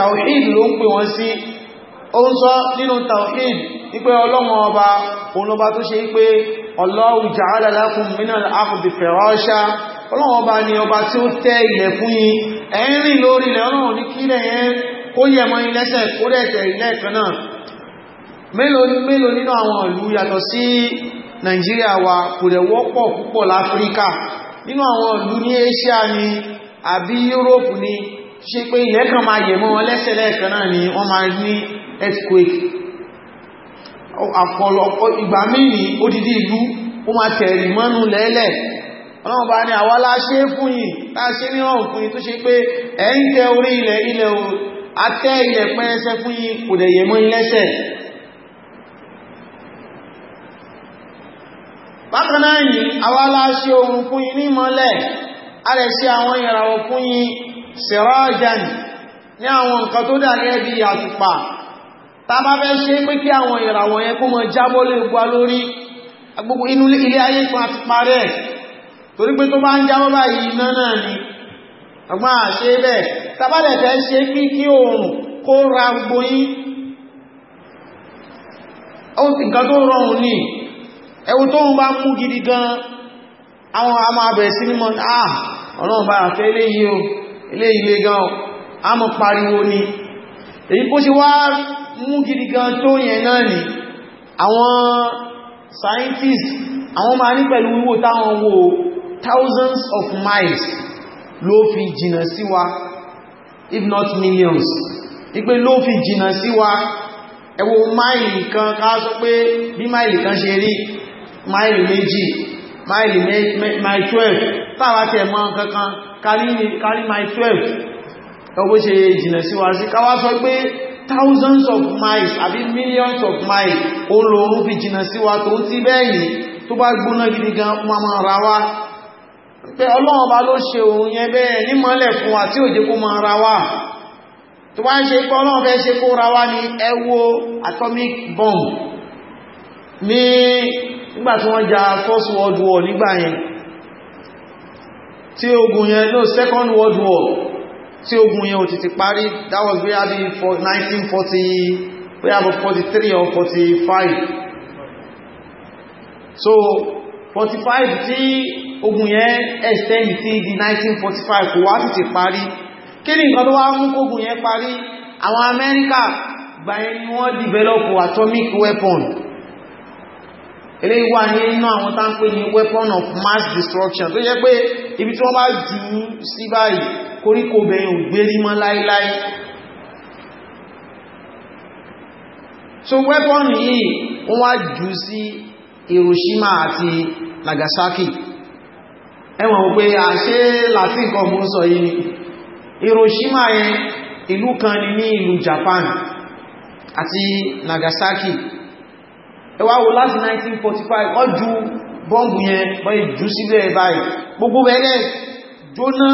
tawhid ló ń pè wọ́n sí ó ń sọ nínú tawhid wípé ọlọ́run ọba òun ọba tó ṣe wípé Allahu ọlọ́run ọba ni ọba tí ó tẹ́ ilẹ̀ fún yín ẹ̀rin lórí ilẹ̀ ọlọ́run ní kílẹ̀ yẹn ó yẹ mọ́ yín lẹ́sẹ̀ ó dẹ̀tẹ̀ wa kò dẹ̀ wọ́pọ̀ púpọ̀ láfíríkà nínú àwọn ni àbí Europe ni ṣe pé ilẹ̀ kan máa yẹ̀ ni wọ́n máa ní earthquake àpọ̀lọpọ̀ ìgbà míì ní odidi ìlú ó máa tẹ̀rì mọ́nú lẹ́lẹ̀ ọlọ́run bá ní àwọ́lá ṣe fún yìí táa ṣe ní ọ̀hún fún yìí tó ṣe pé ẹ̀ ń tẹ orí ilẹ̀ ilẹ̀ o atẹ́ ilẹ̀ pẹ́ẹ́sẹ́ fún yìí kò dẹ̀ yẹ mọ́ ilẹ́ṣẹ̀ bákanáà yìí àwọ́lá ṣe ohun fún yìí ní mọ́lẹ̀ a rẹ̀ ṣe àwọn ìràwọ̀ inú ilé ayé kan àti parẹ́ torí pé tó bá ń jáwọ́ báyìí iná náà ni ọgbọ́n àṣẹ bẹ́ẹ̀ tàbálẹ̀fẹ́ ṣe pí kí oòrùn kó ra gboyí nǹkan tó rọrùn ní ẹwù tó ń bá mú gidi gan àwọn àmà abẹ̀ sí mímọ̀ ah ọlọ́run bá àfẹ́ eléyìí o eléyìí le gan a mọ̀ pariwo ni èyí bó ṣe wá mú gidi gan tó yẹn náà ni àwọn scientists àwọn máa ní pẹ̀lú wíwò táwọn wo thousands of miles ló fi jìnà sí wa if not millions ipé ló fi jìnà sí wa ẹ wo máìlì kan ká sọ pé bí máìlì kan ṣe rí máìlì méjì máìlì máì 12 tàbá tẹ̀ mọ́ kankan kárí máì 12 ọgbọ́ ṣe jìnà sí wa sí káwá sọ pé thousands of miles àbí millions of miles ó lòrún fi jìnà sí wa tó ti bẹ́yìn tó bá gbóná gidi gan wọn máa ra wá pé ọlọ́run bá ló ṣe òun yẹn bẹ́ẹ̀ ní mọ́lẹ̀ fún wa tí ò jẹ́ kó mọ́ ara wa tó wá ń ṣe pé ọlọ́run fẹ́ ṣe kó ra wa ní ẹ atomic bomb ní nígbà tí wọ́n ja first world war nígbà yẹn tí ogun yẹn no second world war tí ogun yẹn ò ti ti parí that was where be 1940 where be 43 or 45 so 45 tí ogun yẹn extend sí di 1945 kò wá sì ti parí kí ni nǹkan tó wá mú kógun yẹn parí àwọn Amẹ́ríkà gbà yẹn wọ́n develop atomic weapon eléyìí wà ní inú àwọn tá ń ní weapon of mass destruction tó jẹ́ pé ibi tí wọ́n bá jù ú sí báyìí koríko bẹ̀yìn ò mọ́ láíláí so weapon yìí wọ́n wá jù sí Hiroshima àti Nagasaki ẹwọ̀n wọ́n pé àṣẹ láti nǹkan mú sọ yìí Hiroshima yẹn ìlú kan ni ní ìlú Japan àti Nagasaki ẹwà wo láti 1945 wọ́n ju bọ́ǹbù yẹn bọ́yẹ̀ jù sílẹ̀ báyìí gbogbo bẹ̀rẹ̀ jóná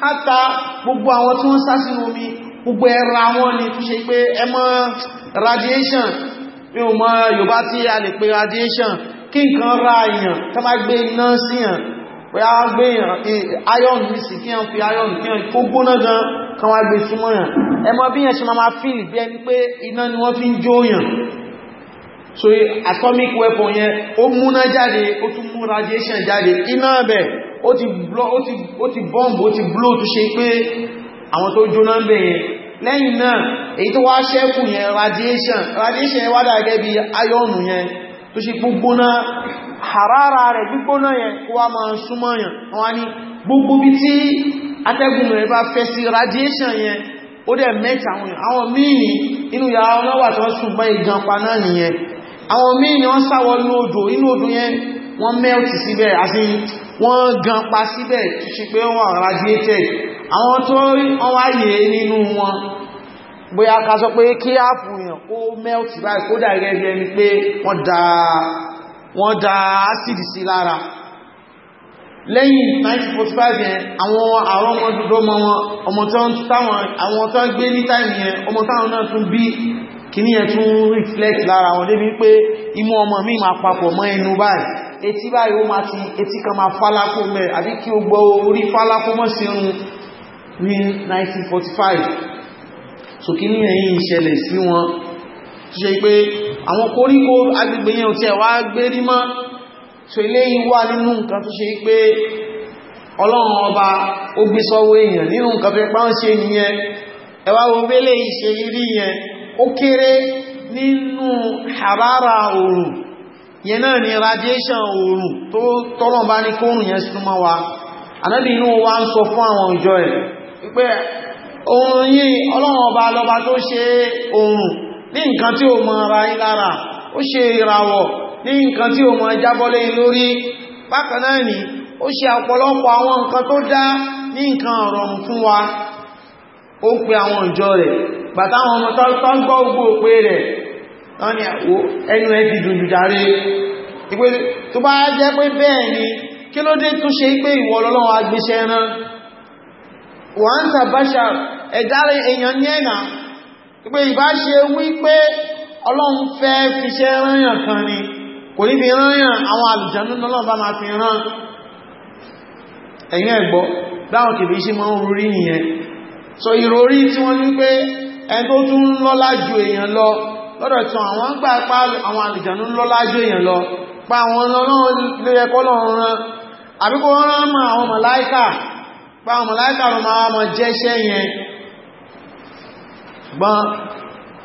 hátà gbogbo àwọn tí wọ́n sá sínú omi gbogbo ẹra wọn ni tó ṣe pé ẹmọ́ radiation mi ò mọ̀ Yorùbá tí a lè pe radiation kí nǹkan ra èèyàn tó bá gbé iná síyàn pé a gbé iron nísì kí wọ́n fi iron kí wọ́n kó gbóná gan kan wá gbé súnmọ́ yàn ẹmọ bí yàn ṣe ma ma fíìlì bí ẹni pé iná so atomic weapon yẹn ó múná jáde ó tún mú radiation jáde iná bẹ̀ ó ti bọ́m̀bù ó ti blow tó ṣe pé àwọn tó jóná ń bẹ̀ yẹn lẹ́yìn náà èyí tó wá ṣẹ́kù yẹn radiation radiation yẹn wá dà gẹ́gẹ́ bí iron yẹn tó ṣe gbógbóná àrárá rẹ̀ gbígbóná yẹn kó wá máa súnmọ́ yàn wọ́n ní gbogbo bí tí atẹ́gùn rẹ̀ bá fẹ́ sí radiation yẹn ó dẹ̀ mẹ́ta wọn àwọn míì inú yàrá wọn wà tó ṣùgbọ́n ìganpa náà nìyẹn àwọn míì ni wọ́n sáwọ́ inú odò inú odò yẹn wọ́n melt síbẹ̀ àti wọ́n ganpa síbẹ̀ tó ṣe pé wọ́n radiated àwọn tó wọ́n wáyé nínú wọn bóyá ká sọ pé kí ó melt báyìí kó dà gẹ́gẹ́ ni pé wọ́n da wọ́n da ásìdì sí lára lẹ́yìn 1945 yẹn àwọn àwọn ọmọ dúdú ọmọ wọn ọmọ tó ń táwọn àwọn tó ń gbé ní táìmì yẹn ọmọ táwọn náà tún bí kìíní yẹn tún reflect lára wọn débi pé imú ọmọ mi máa papọ̀ mọ́ ẹnu báyìí etí báyìí ó máa ti etí kan máa fálákó mẹ́ àbí kí ó gbọ́ orí fálákó mọ́ sí irun ní 1945 so kìíní yẹn yìí ń ṣẹlẹ̀ sí wọn tó ṣe pé àwọn koríko agbègbè yẹn tí ẹwà gbé rí mọ́ tó ilé ìwà nínú nǹkan tó ṣe pé ọlọ́run ọba ó gbé sọ́wọ́ èèyàn nínú nǹkan fẹ́ pàán ṣe yẹn ẹwà orílẹ̀ ìṣe rí yẹn ó kéré nínú harara oòrùn yẹn náà ni radiation oòrùn tó tọ́lọ̀ bá ní kóòrùn yẹn súnmọ́ wa ànábì inú wa ń sọ fún àwọn ìjọ ẹ̀ pé oòrùn yìí ọlọ́run ọba lọba tó ṣe oòrùn ní nǹkan tí ó mọ ara yín lára ó ṣe ìràwọ̀ ní nǹkan tí ó mọ jábọ́lé lórí ni ó ṣe ọ̀pọ̀lọpọ̀ àwọn nǹkan tó dá ní nǹkan pe àwọn ìjọ rẹ̀ bàtà ọmọ tó rẹ̀ ni ẹnu ẹ ti dùn jùdáre tó bá jẹ́ pé bẹ́ẹ̀ ni kí ló dé tó ṣe pé agbéṣẹ́ rán wọ́n ń ẹ̀dá èèyàn pé ìbá ṣe wípé ọlọ́run fẹ́ fi ṣe rányàn kan ni kò ní fi rányàn àwọn àlùjànnú náà máa fi rán ẹ̀yìn ẹ̀gbọ́ dáwọn kìí ṣe máa ń rí nìyẹn so ìròrí tí wọ́n ní pé ẹn tó tún lọ́lá lọ lọ́dọ̀ pa àwọn àlùjànnú lọ́lá ju èèyàn lọ pa àwọn ọlọ́run lè yẹ kọ́lọ́run rán àbíkó rán mọ́ àwọn màláíkà pa àwọn màláíkà lọ máa mọ̀ jẹ́ṣẹ́ yẹn ṣùgbọ́n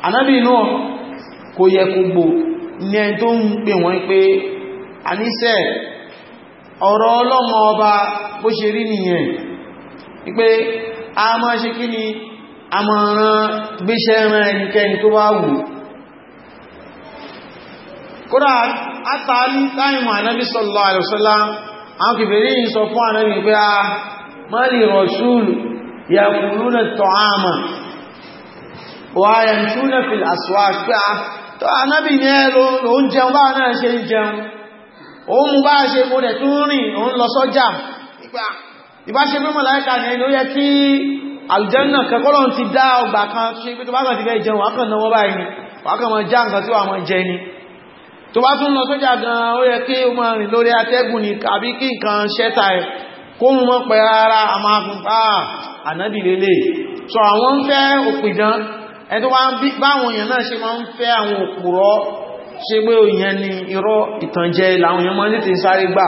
anábì inú kò yẹ kò ní ẹni tó ń pè wọ́n pé àníṣẹ́ ọ̀rọ̀ ọlọ́mọ ọba bó ṣe rí nìyẹn wípé a máa ṣe kí ni a máa rán gbéṣẹ́ rán ẹnikẹ́ni tó bá wù kódà átàlí táìmù ànábì sallallahu alaihi àwọn kìfèrí yìí sọ fún ànábì pé a máa lè wàyẹ̀ntúnà fi àṣwà pé a ah, tó ànábì ní ẹ̀rọ òun jẹun bá náà ṣe ń jẹun òun mú bá ṣe mú rẹ̀ tún rìn òun lọ sọ́jà ìbáṣe pé mọ̀láíkà ní ẹni ó yẹ kí àlùjànnà kẹkọ́lọ̀ ti dá ọgbà kan ṣe pé tó bá kàn ti fẹ́ jẹun wákàn náà wọ́n báyìí wákàn mọ̀ já nǹkan wà mọ̀ ah, sọ àwọn ń fẹ́ òpìdán ẹ̀tọ́ wá báwọn èèyàn náà ṣe máa ń fẹ́ àwọn òpùrọ́ ṣe pé òyìn ni irọ́ ìtànjẹ làwọn èèyàn máa ń tètè sáré gbà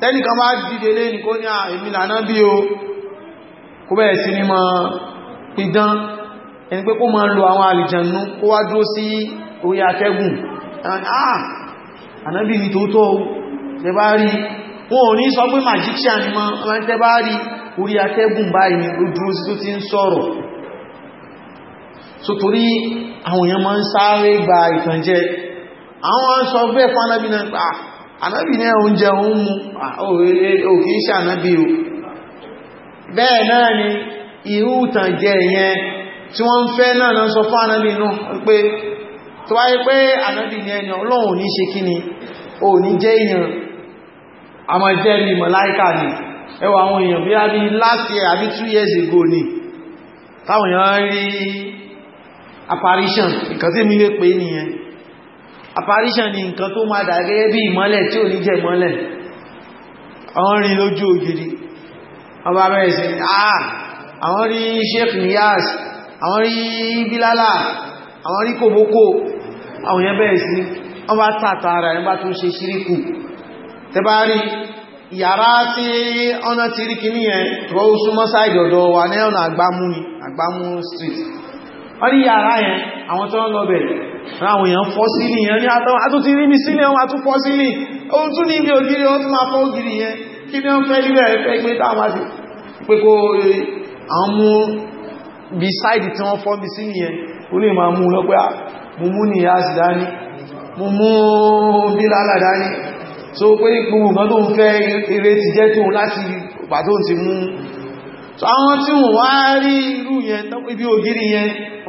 tẹ́nìkan bá dìde lé ní kó ní èmi lànà bí o kó bẹ̀rẹ̀ sí ní mọ́ pidán ẹni pé kó máa lo àwọn àlìjànú kó wá dúró sí orí atẹ́gùn ànábì ní so torí àwọn èèyàn máa ń sáré gba itanje. àwọn ń sọ fún anábì náà pé anábì náà oúnjẹ òun mú òkè iṣẹ́ o bẹ́ẹ̀ náà ni irú ìtànjẹ yẹn tí wọ́n ń fẹ́ náà náà sọ fún anábì náà pé tó wáyé pé anábì ní ẹni ọlọ́run ní ṣe kí ni o ní jẹ́ èèyàn àmọ́ jẹ́ ní ni ẹwà àwọn èèyàn bí years ago ni táwọn èèyàn apparition nǹkan tí mi lè pè nìyẹn apparition ni nǹkan tó máa dà gẹ́gẹ́ bí ìmọ́lẹ̀ tí ò ní jẹ́ ìmọ́lẹ̀ ọ̀rin lójú ògiri ọba bẹ̀rẹ̀ sí àà àwọn rí Sheikh Niyas àwọn rí Bilala àwọn rí kòbókò àwọn yẹn bẹ̀rẹ̀ sí wọ́n bá tàtà ara ẹ̀ bá tún ṣe ṣíríkù tẹbá rí yàrá tí ọ̀nà tí rí kì ní ẹ̀ tó súnmọ́ sáìdì ọ̀dọ̀ wà ní ọ̀nà àgbámú ni àgbámú street wọ́n ní yàrá yẹn àwọn tó ń lọ bẹ̀ ráwọn èèyàn fọ́ sílì yẹn ní àtọ́ àtútí rí ní sílì wọn àtún fọ́ sílì ohun tún ní ibi ògiri wọ́n tún máa fọ́ ògiri yẹn kí ní wọ́n fẹ́ ilé ẹ̀fẹ́ gbé táwọn àti pé kó àwọn mú bí sáìdì tí wọ́n fọ́ bí sílì yẹn ó lè máa mú lọ́pẹ́ ah, mú mú ní yáàsì dání mú mú bírálà dání so pé gbogbo nǹkan tó ń fẹ́ eré ti jẹ́ tóun láti pàtó ti mú so àwọn tí wọ́n wá rí irú yẹn ibi ògiri yẹn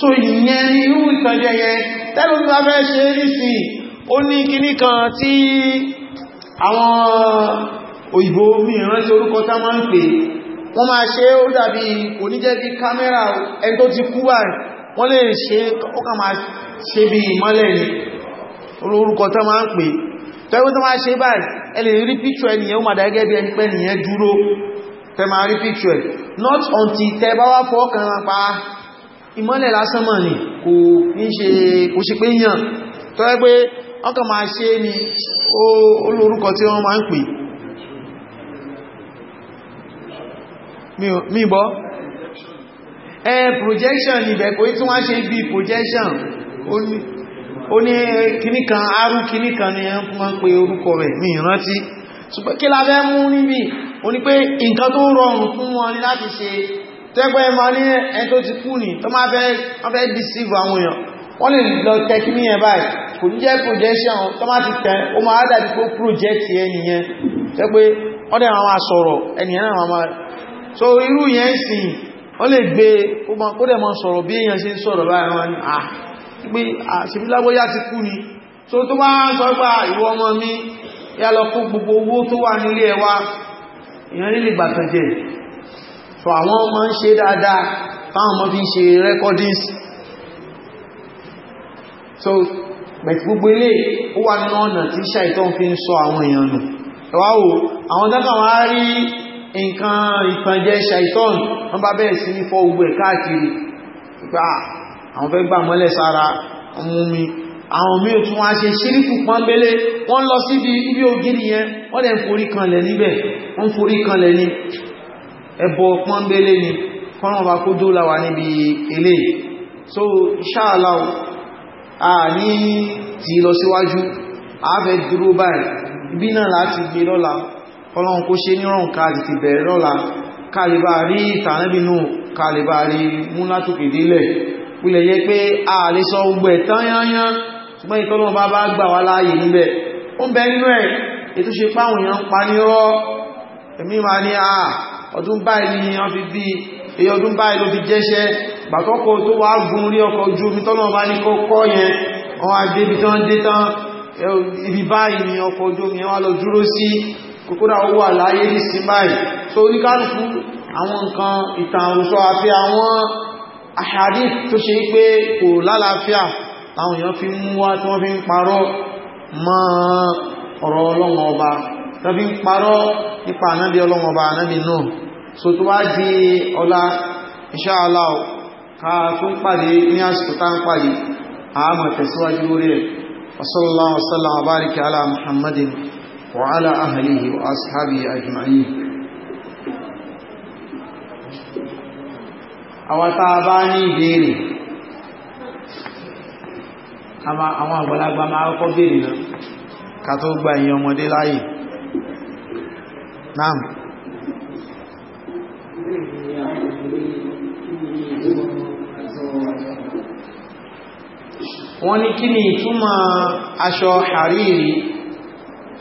so ìyẹn ni irú ìtànjẹ yẹn tẹ́lú tó bá fẹ́ ṣe rí sí ó ní kíní kan tí àwọn òyìnbó mìíràn tí orúkọ tá máa ń pè wọ́n máa ṣe ó dàbí kò ní jẹ́ bí kámẹ́rà ẹni tó ti kú wà wọ́n lè ṣe ó kà máa ṣe bí ìmọ́lẹ̀ ni orúkọ tá máa ń pè tẹ́gbẹ́ tó máa ṣe báyìí ẹ lè rí picture ẹniyàn ó not until tẹ́ bá wá fọ́ kan pa ìmọ́lẹ̀ lásán mọ̀ ní kò ní ṣe kò ṣe pé yàn tó ẹ́ pé ọkàn máa ṣe ni olórúkọ tí wọ́n máa ń pè míbọ́ ẹ projection níbẹ̀ kò tí wọ́n ṣe bí projection ó ní kìníkan arú kìníkan ni ẹn fún ń pe orúkọ rẹ̀ ní ìrántí ṣùgbọ́n kí la fẹ́ mú níbi ó ní pé nǹkan tó rọrùn fún wọn láti ṣe tẹ́gbẹ́ ẹ máa ní ẹni tó ti kú ní tó máa fẹ́ deceive àwọn èèyàn wọ́n lè lọ tẹ́kí ní ẹ̀ báyìí kò ní jẹ́ projection tó máa ti tẹ́ ó máa dàbí pé project ẹni tẹ́ pé wọ́n dẹ̀ máa sọ̀rọ̀ ẹni yẹn máa so irú yẹn sì wọ́n lè gbé kó dẹ̀ máa sọ̀rọ̀ bí èèyàn ṣe ń sọ̀rọ̀ báyìí wọ́n ní à ah, pé ah, so tó bá ń sọ pé ah, ìwọ ọmọ mi yá lọ kó so àwọn ọmọ ń ṣe dáadáa fáwọn ọmọ fi ṣe recordings so bẹ̀tì gbogbo ilé ó wà nínú ọ̀nà tí ṣàìtàn fi ń sọ àwọn èèyàn nù ẹwà wò àwọn tẹ́kọ̀ wá rí nǹkan ìpànjẹ ṣàìtàn wọ́n bá bẹ̀rẹ̀ sí ní fọ́ gbogbo ẹ̀ káàkiri pípa ah, àwọn fẹ́ gbà mọ́lẹ̀ sára ọmọ mi àwọn mí o tún wá ṣe ṣíríkù ẹbọ pọ́nbélé ni kọ́nà ọba kó dó láwà níbi ilé so inshallah a ní ti lọ síwájú ààfẹ́ dúró báyìí ibi náà láti gbé lọ́la ọlọ́run kó ṣe nírọ̀n káàlì ti bẹ̀rẹ̀ lọ́la kàlìbà rí ìtànẹ́bìnú kàlìbà rí mú látòkè délẹ̀ wílẹ̀ yẹ pé a lè sọ ogbẹ̀ tányányán ṣùgbọ́n ìtọ́lọ́run ẹ̀mí ma ní àà ah, ọdún báyìí ni wọ́n fi bí èyí ọdún báyìí ló fi jẹ́ṣẹ́ gbàtọ́kọ̀ tó wá gun rí ọkọ̀ ojú omi tọ́nà bá ní kọ́kọ́ yẹn wọ́n wá dé ibi tán dé tán ibi báyìí ni ọkọ̀ ojú omi wá lọ dúró sí kòkòrò owó àláyé sí báyìí so oníkálùkù àwọn nǹkan ìtàn àrùsọ àti àwọn àṣàdí tó ṣe pé kò lálàáfíà àwọn èèyàn tàbí ń parọ́ nípa ànábí ọlọ́mọba ànábí náà so tó wá di ọlá insha Allah ká tún pàdé ní àsìkò tá ń pàdé àmọ̀ tẹ̀síwájú lórí rẹ̀ wasallallahu àwọn àgbàlagbà máa kọ́ béèrè náà ká tó gba ìyẹn ọmọdé láyé Naam. Wọ́n ní kí ni ìtumọ̀ aṣọ hariri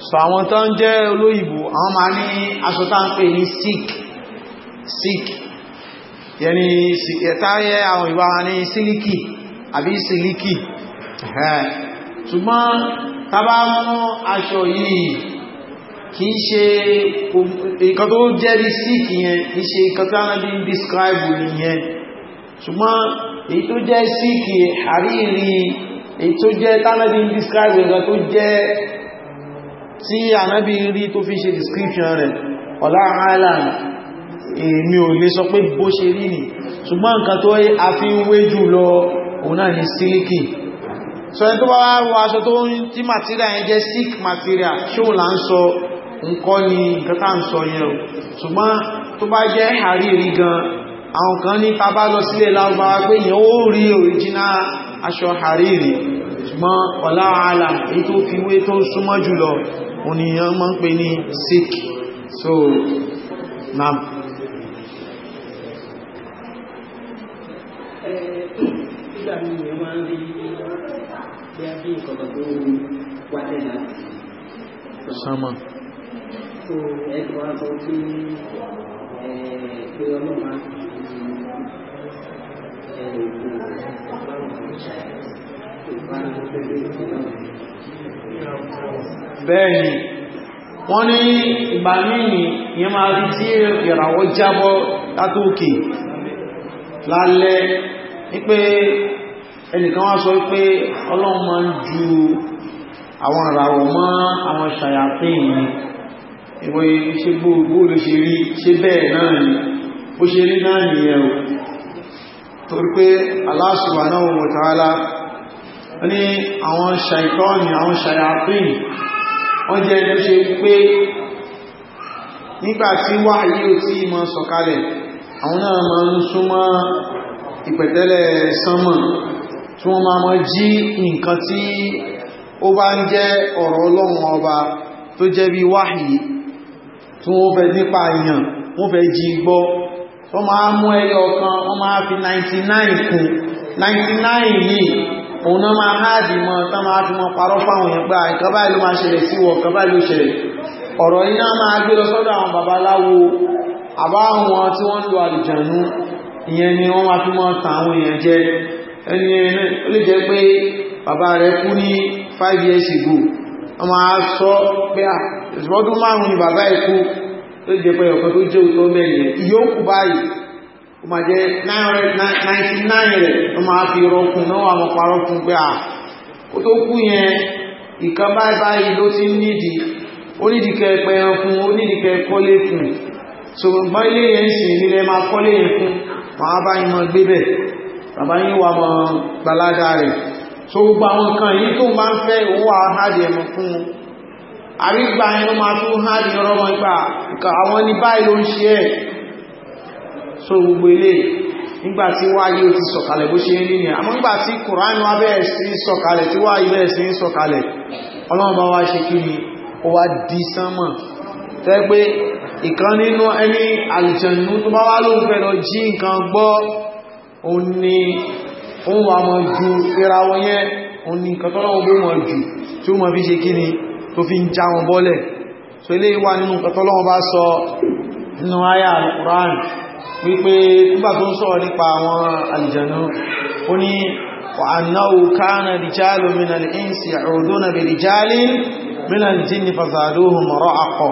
sọ àwọn tó ń jẹ́ olóyìnbó àwọn máa ní aṣọ tá ń pè ní sikh sikh yẹni ẹ̀táyẹ àwọn ìwà ní sílíkì àbí sílíkì ṣùgbọ́n tàbá mú aṣọ yìí kìí ṣe nǹkan tó jẹ́rí sí kìyẹn kìí ṣe nǹkan tó ánàbí ń describe nìyẹn ṣùgbọ́n èyí tó jẹ́ sí kì àríìrí èyí tó jẹ́ tánàbí ń describe nǹkan tó jẹ́ tí ànábí rí tó fi ṣe description rẹ̀ ọ̀lá island èmi ò lè sọ pé bó ṣe rí nì ṣùgbọ́n nǹkan tó a fi ń wé jù lọ òun náà ni sílíkì sọ tó bá wá aṣọ tó ń tí material yẹn jẹ́ silk material ṣóò là ń sọ nǹkan ni nǹkan tá ń sọ yẹn o ṣùgbọ́n tó bá jẹ́ àrírí gan àwọn kan ní tá bá lọ sílẹ̀ lárúbáwá pé yẹn ó rí original aṣọ àrírí ṣùgbọ́n ọ̀lá àlà èyí tó fi wé tó súnmọ́ jùlọ ònìyàn máa ń pè ní sikh so na sama tó ẹ̀kọ́ àtọ́ tí pé ọlọ́mà bẹ́ẹ̀ni wọ́n ní ìgbà míì yẹn máa rí tí ìràwọ̀ jábọ́ látókè lálẹ́ wípé ẹnìkan wá sọ wípé ọlọ́run máa ń ju àwọn ìràwọ̀ mọ́ àwọn ṣàyàfẹ́ ìyẹn ìwọ ṣe gbogbo ló ṣe rí ṣe bẹ́ẹ̀ náà ni ó ṣe rí náà ni ẹ̀rù torí pé Allah subhanahu wa ta'ala ní àwọn ṣàìtọ́ni àwọn ṣàyàfíìn wọ́n jẹ́ ẹni ṣe pé nígbàtí wà yíò tí mọ́ sọ̀kalẹ̀ àwọn náà ma ń súnmọ́ ìpẹ̀tẹ́lẹ̀ sánmọ̀ tí wọ́n ma mọ́ jí nǹkan tí ó bá ń jẹ́ ọ̀rọ̀ ọlọ́run ọba tó jẹ́ bí wáhìí tí wọ́n fẹ́ nípa èèyàn wọ́n fẹ́ jí gbọ́ wọ́n máa mú ẹyọ kan wọ́n máa fi 99 kún 99 yìí òun náà máa háàdì mọ́ tán máa fi mọ́ parọ́ fáwọn èèyàn gbá nǹkan báyìí ló máa ṣẹlẹ̀ sí wọ nǹkan báyìí ló ṣẹlẹ̀ ọ̀rọ̀ yìí náà máa gbé lọ sọ́dọ̀ àwọn babaláwo àbáwọn tí wọ́n ń lo àlùjànú ìyẹn ni wọ́n máa fi mọ́ ta àwọn èèyàn jẹ ẹni ó lè jẹ́ pé bàbá rẹ̀ kú ní 5 years ago wọ́n máa sọ pé ìṣọ́dún márùn-ún ni bàbá ikú tó jẹ pé ọ̀kan tó jẹ́ òtọ́ mẹ́rin ìyókù báyìí ó máa jẹ́ 99 rẹ̀ ó máa fi rọkùn náà parọ́kùn pé à ah, tó kú yẹn ìkan báyìí ló ti kọ́lé fún ṣùgbọ́n ilé yẹn sì máa kọ́lé yẹn fún bá yín gbé bẹ̀ so gbogbo àwọn kan yìí tó máa ń fẹ́ owó fún àrígbà ẹnu ma tó hàn ní ọ̀rọ̀ wọn gbà àwọn ní báyìí ló ń ṣe ẹ̀ so gbogbo ilé nígbà tí wáyé ó ti sọ̀kalẹ̀ bó ṣe ní ní àmọ́ nígbà tí kùránì wá bẹ́ẹ̀ sí sọ̀kalẹ̀ tí wáyé bẹ́ẹ̀ sí sọ̀kalẹ̀ ọlọ́run bá wá ṣe kí ni ó wá di sánmọ̀ tẹ́ pé ìkan nínú ẹni àlùjànnú tó bá wá lóun fẹ́ lọ jí nǹkan gbọ́ òun ni òun wà mọ̀ ju ṣe kí ni tó fi ń já wọn bọ́lẹ̀ so ilé wà nínú pẹ̀tọ́lọ́wọ́ bá sọ nínú àyà al-Qur'an wípé nígbà tó ń sọ̀rọ̀ nípa àwọn àlìjànú ó ní wa annahu kana rijalun minal insi ya'uduna bi rijalin minal jinni fazaduhum ra'aqa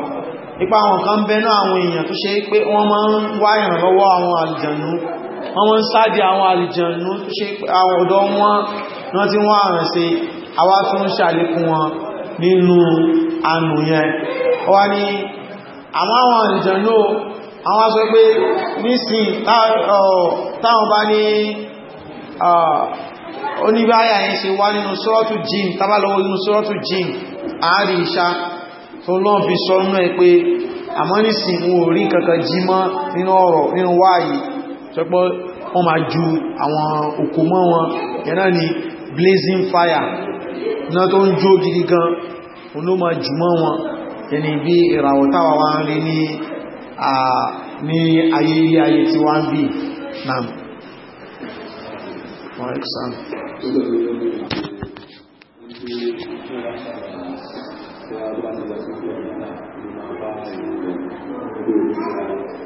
nípa àwọn kan bẹnu àwọn èèyàn tó ṣe wọ́n sáàdì àwọn àlìjànú tó ṣe àwọn ọ̀dọ́ wọn náà tí wọ́n àrẹ̀ṣe àwá tó ń ṣàlékún wọn nínú àmù yẹn wá ní àwọn àwọn àlìjànú àwọn sọ pé nísìn táwọn bá ní oníbáyà yẹn ṣe wá nínú sọ́ọ̀tù jìn tábàlọ́wọ́ nínú sọ́ọ̀tù jìn àárí ìṣá tó lọ́n fi sọ nínú ẹ pé àmọ́ nísìn wọn ò kankan jí mọ́ nínú ọ̀rọ̀ nínú wáyìí sọpọ́ wọ́n máa ju àwọn òkú mọ́ wọn yẹn náà ni blazing fire náà tó ń jó gidi gan olóma jùmọ́ wọn ẹni bí ìràwọ̀ táwà ń rí ní ayé ilé ayé tí wá ń bí náà wọ́n ẹ̀kùsàn Thank you.